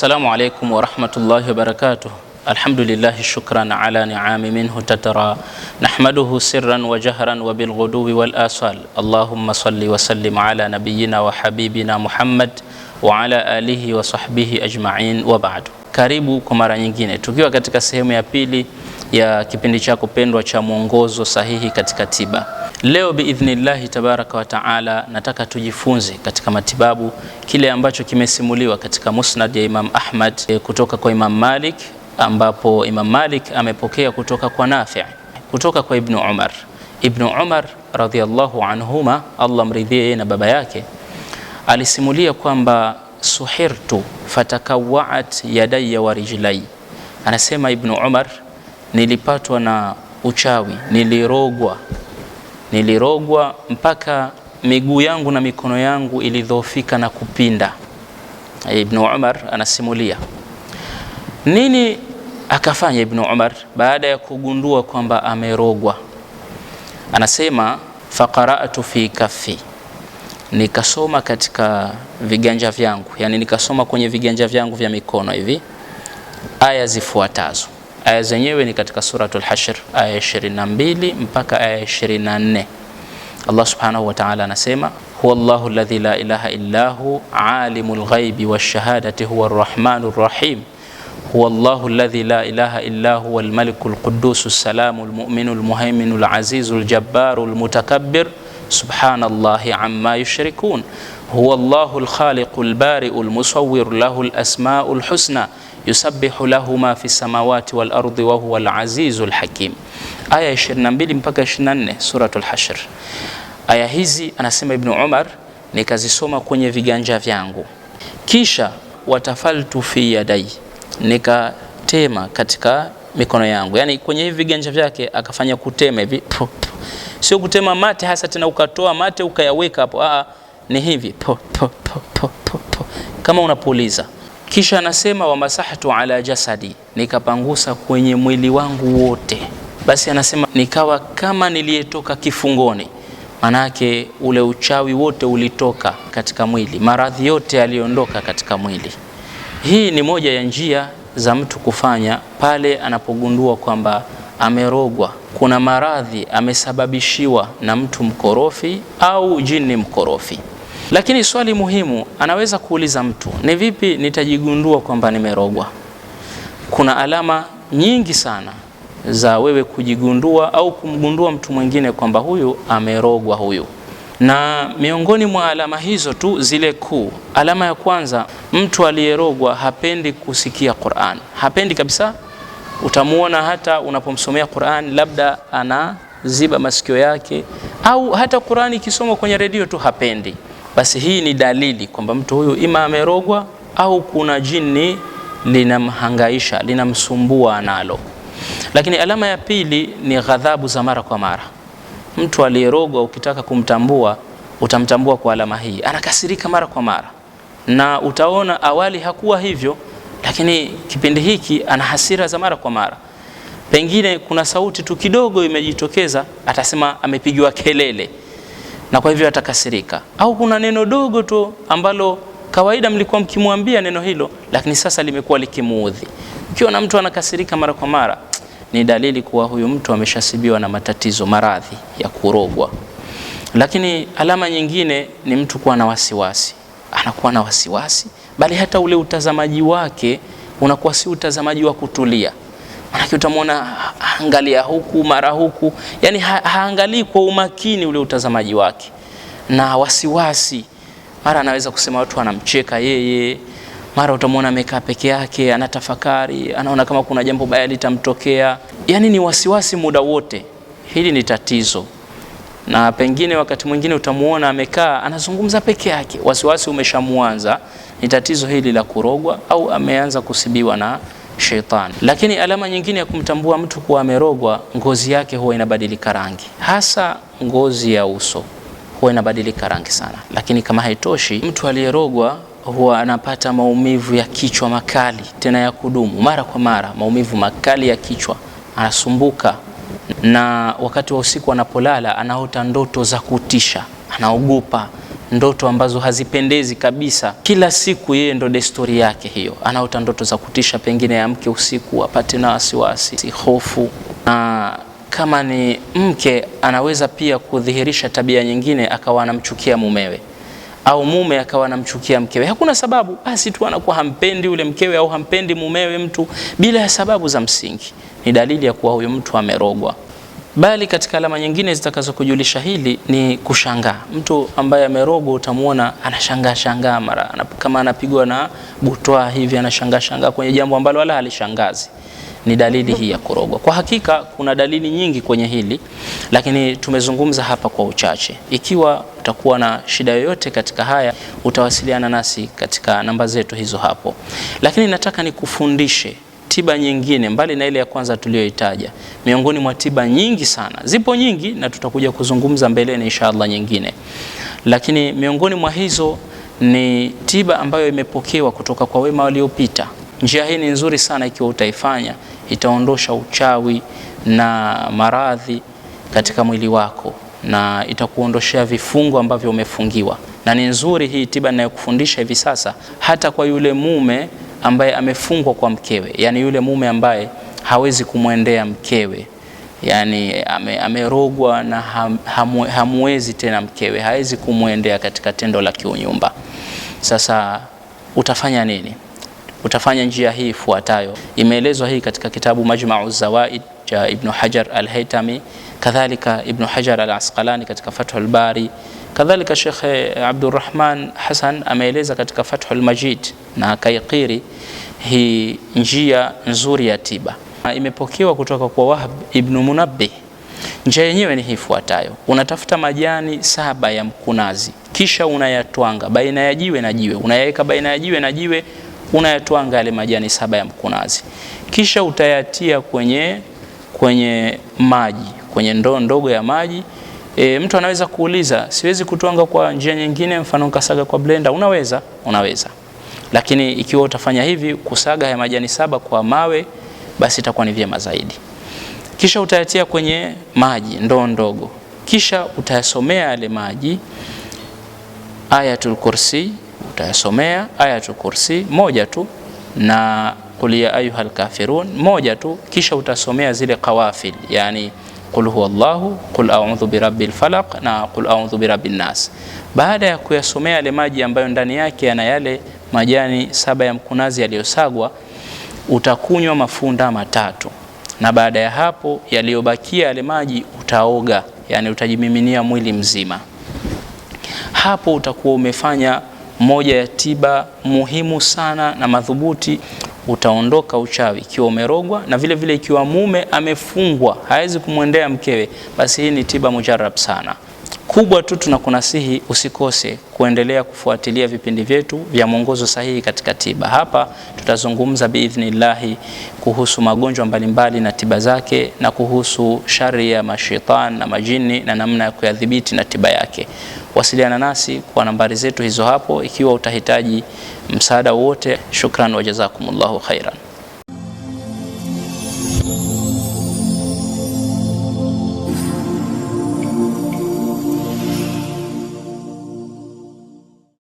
Assalamu alaikum warahmatullahi wabarakatuh. Alhamdulillahi shukran ala niami minhu tatara nahmaduhu sirran wa jahran wa bilghuduwi wal asal. Allahumma salli wa sallim ala nabiyyina wa habibina Muhammad wa ala alihi wa sahbihi ajma'in wa ba'du. Karibu kwa mara nyingine tukiwa katika sehemu ya pili ya kipindi chako pendwa cha mwongozo sahihi katika tiba. Leo biidhnillahi tabaraka wa taala, nataka tujifunze katika matibabu kile ambacho kimesimuliwa katika musnad ya Imam Ahmad eh, kutoka kwa Imam Malik, ambapo Imam Malik amepokea kutoka kwa Nafi kutoka kwa Ibnu Umar. Ibnu Umar radhiyallahu anhuma, Allah mridhie yeye na baba yake, alisimulia kwamba suhirtu fatakawaat yadaya wa rijlai. Anasema Ibnu Umar, nilipatwa na uchawi, nilirogwa nilirogwa mpaka miguu yangu na mikono yangu ilidhoofika na kupinda. Ibnu Umar anasimulia nini akafanya Ibnu Umar baada ya kugundua kwamba amerogwa. Anasema faqara'tu fi kaffi, nikasoma katika viganja vyangu, yani nikasoma kwenye viganja vyangu vya mikono hivi aya zifuatazo Aya zenyewe ni katika Suratul Hashr aya 22 mpaka aya 24. Allah subhanahu wa ta'ala anasema huwa Allahu alladhi la ilaha illa hu alimul ghaibi wash huwa ar rahim huwa Allahu alladhi la ilaha illa huwa al-malikul quddusus salamul mu'minul muhayminul azizul jabbarul subhanallahi amma yushrikun huwa Allahul khaliqul bari'ul musawwir lahul asmaul husna yusabbihu lahu ma fi samawati wal ardi wa huwa al azizul hakim. Aya 22 mpaka 24 suratul Hashr. Aya hizi anasema Ibn Umar, nikazisoma kwenye viganja vyangu, kisha watafaltu fi yadai, nikatema katika mikono yangu. Yani kwenye hivi viganja vyake akafanya kutema hivi, sio kutema mate hasa tena ukatoa mate ukayaweka hapo. ni hivi po, po, po, po, po, kama unapuliza kisha anasema wamasahtu ala jasadi, nikapangusa kwenye mwili wangu wote. Basi anasema nikawa kama niliyetoka kifungoni, manake ule uchawi wote ulitoka katika mwili, maradhi yote yaliondoka katika mwili. Hii ni moja ya njia za mtu kufanya pale anapogundua kwamba amerogwa, kuna maradhi amesababishiwa na mtu mkorofi au jini mkorofi. Lakini swali muhimu anaweza kuuliza mtu ni vipi nitajigundua kwamba nimerogwa? Kuna alama nyingi sana za wewe kujigundua au kumgundua mtu mwingine kwamba huyu amerogwa huyu. Na miongoni mwa alama hizo tu zile kuu, alama ya kwanza, mtu aliyerogwa hapendi kusikia Qur'an, hapendi kabisa. Utamwona hata unapomsomea Qur'an, labda anaziba masikio yake, au hata Qur'an ikisomwa kwenye redio tu hapendi basi hii ni dalili kwamba mtu huyu ima amerogwa au kuna jini linamhangaisha linamsumbua nalo. Lakini alama ya pili ni ghadhabu za mara kwa mara. Mtu aliyerogwa ukitaka kumtambua utamtambua kwa alama hii, anakasirika mara kwa mara, na utaona awali hakuwa hivyo, lakini kipindi hiki ana hasira za mara kwa mara. Pengine kuna sauti tu kidogo imejitokeza, atasema amepigiwa kelele na kwa hivyo atakasirika. Au kuna neno dogo tu ambalo kawaida mlikuwa mkimwambia neno hilo, lakini sasa limekuwa likimuudhi. Ukiona mtu anakasirika mara kwa mara, ni dalili kuwa huyu mtu ameshasibiwa na matatizo, maradhi ya kurogwa. Lakini alama nyingine ni mtu kuwa na wasiwasi, anakuwa na wasiwasi, bali hata ule utazamaji wake unakuwa si utazamaji wa kutulia. Manake utamwona angalia huku mara huku, yani ha haangalii kwa umakini ule utazamaji wake na wasiwasi. Mara anaweza kusema watu anamcheka yeye, mara utamwona amekaa peke yake, anatafakari, anaona kama kuna jambo baya litamtokea, yani ni wasiwasi muda wote. Hili ni tatizo, na pengine wakati mwingine utamwona amekaa anazungumza peke yake, wasiwasi umeshamuanza. Ni tatizo hili la kurogwa au ameanza kusibiwa na shetani. Lakini alama nyingine ya kumtambua mtu kuwa amerogwa, ngozi yake huwa inabadilika rangi, hasa ngozi ya uso huwa inabadilika rangi sana. Lakini kama haitoshi, mtu aliyerogwa huwa anapata maumivu ya kichwa makali tena ya kudumu mara kwa mara, maumivu makali ya kichwa, anasumbuka na wakati wa usiku anapolala anaota ndoto za kutisha, anaogopa ndoto ambazo hazipendezi kabisa. Kila siku yeye ndo desturi yake hiyo, anaota ndoto za kutisha, pengine amke usiku apate na wasiwasi si hofu. Na kama ni mke, anaweza pia kudhihirisha tabia nyingine, akawa anamchukia mumewe au mume akawa anamchukia mkewe. Hakuna sababu, basi tu anakuwa hampendi yule mkewe au hampendi mumewe, mtu bila ya sababu za msingi. Ni dalili ya kuwa huyo mtu amerogwa. Bali katika alama nyingine zitakazokujulisha hili ni kushangaa. Mtu ambaye amerogwa utamwona anashangaa shangaa, mara kama anapigwa na butwaa hivi, anashangaa shangaa kwenye jambo ambalo wala halishangazi. Ni dalili hii ya kurogwa. Kwa hakika kuna dalili nyingi kwenye hili, lakini tumezungumza hapa kwa uchache. Ikiwa utakuwa na shida yoyote katika haya, utawasiliana nasi katika namba zetu hizo hapo, lakini nataka nikufundishe tiba nyingine mbali na ile ya kwanza tuliyoitaja, miongoni mwa tiba nyingi sana, zipo nyingi na tutakuja kuzungumza mbeleni inshallah nyingine, lakini miongoni mwa hizo ni tiba ambayo imepokewa kutoka kwa wema waliopita. Njia hii ni nzuri sana, ikiwa utaifanya itaondosha uchawi na maradhi katika mwili wako na itakuondoshea vifungo ambavyo umefungiwa, na ni nzuri hii tiba ninayokufundisha hivi sasa, hata kwa yule mume ambaye amefungwa kwa mkewe, yani yule mume ambaye hawezi kumwendea mkewe, yani amerogwa na ham, hamu, hamuwezi tena mkewe, hawezi kumwendea katika tendo la kiunyumba. Sasa utafanya nini? Utafanya njia hii ifuatayo, imeelezwa hii katika kitabu Majmau Zawaid cha Ibnu Hajar Al-Haytami, kadhalika Ibnu Hajar Al-Asqalani katika Fathul Bari Kadhalika Sheikh eh, Abdurrahman Hassan ameeleza katika Fathul Majid na akaikiri hii njia nzuri ya tiba. Imepokewa kutoka kwa Wahb ibn Munabbih. Njia yenyewe ni hifuatayo: unatafuta majani saba ya mkunazi, kisha unayatwanga baina ya jiwe na jiwe, unayaweka baina ya jiwe na jiwe, unayatwanga yale majani saba ya mkunazi, kisha utayatia kwenye kwenye maji, kwenye ndoo ndogo ya maji E, mtu anaweza kuuliza siwezi kutwanga kwa njia nyingine, mfano nkasaga kwa blender. Unaweza, unaweza, lakini ikiwa utafanya hivi kusaga haya majani saba kwa mawe, basi itakuwa ni vyema zaidi. Kisha utayatia kwenye maji ndoo ndogo, kisha utayasomea yale maji Ayatul Kursi, utayasomea Ayatul Kursi moja tu na kulia ayuhal kafirun moja tu, kisha utasomea zile kawafil yani qul llahu qul a'udhu birabi falaq na qul a'udhu birabi nas. Baada ya kuyasomea yale maji ambayo ndani yake yana yale majani saba ya mkunazi yaliyosagwa, utakunywa mafunda matatu, na baada ya hapo yaliyobakia yale maji utaoga, yani utajimiminia mwili mzima. Hapo utakuwa umefanya moja ya tiba muhimu sana na madhubuti utaondoka uchawi ikiwa umerogwa, na vile vile ikiwa mume amefungwa hawezi kumwendea mkewe, basi hii ni tiba mujarab sana. Kubwa tu tunakunasihi usikose kuendelea kufuatilia vipindi vyetu vya mwongozo sahihi katika tiba. Hapa tutazungumza biidhnillahi kuhusu magonjwa mbalimbali na tiba zake na kuhusu shari ya mashetani na majini na namna ya kuyadhibiti na tiba yake. Wasiliana nasi kwa nambari zetu hizo hapo ikiwa utahitaji msaada wowote. Shukran wa jazakumullahu khairan.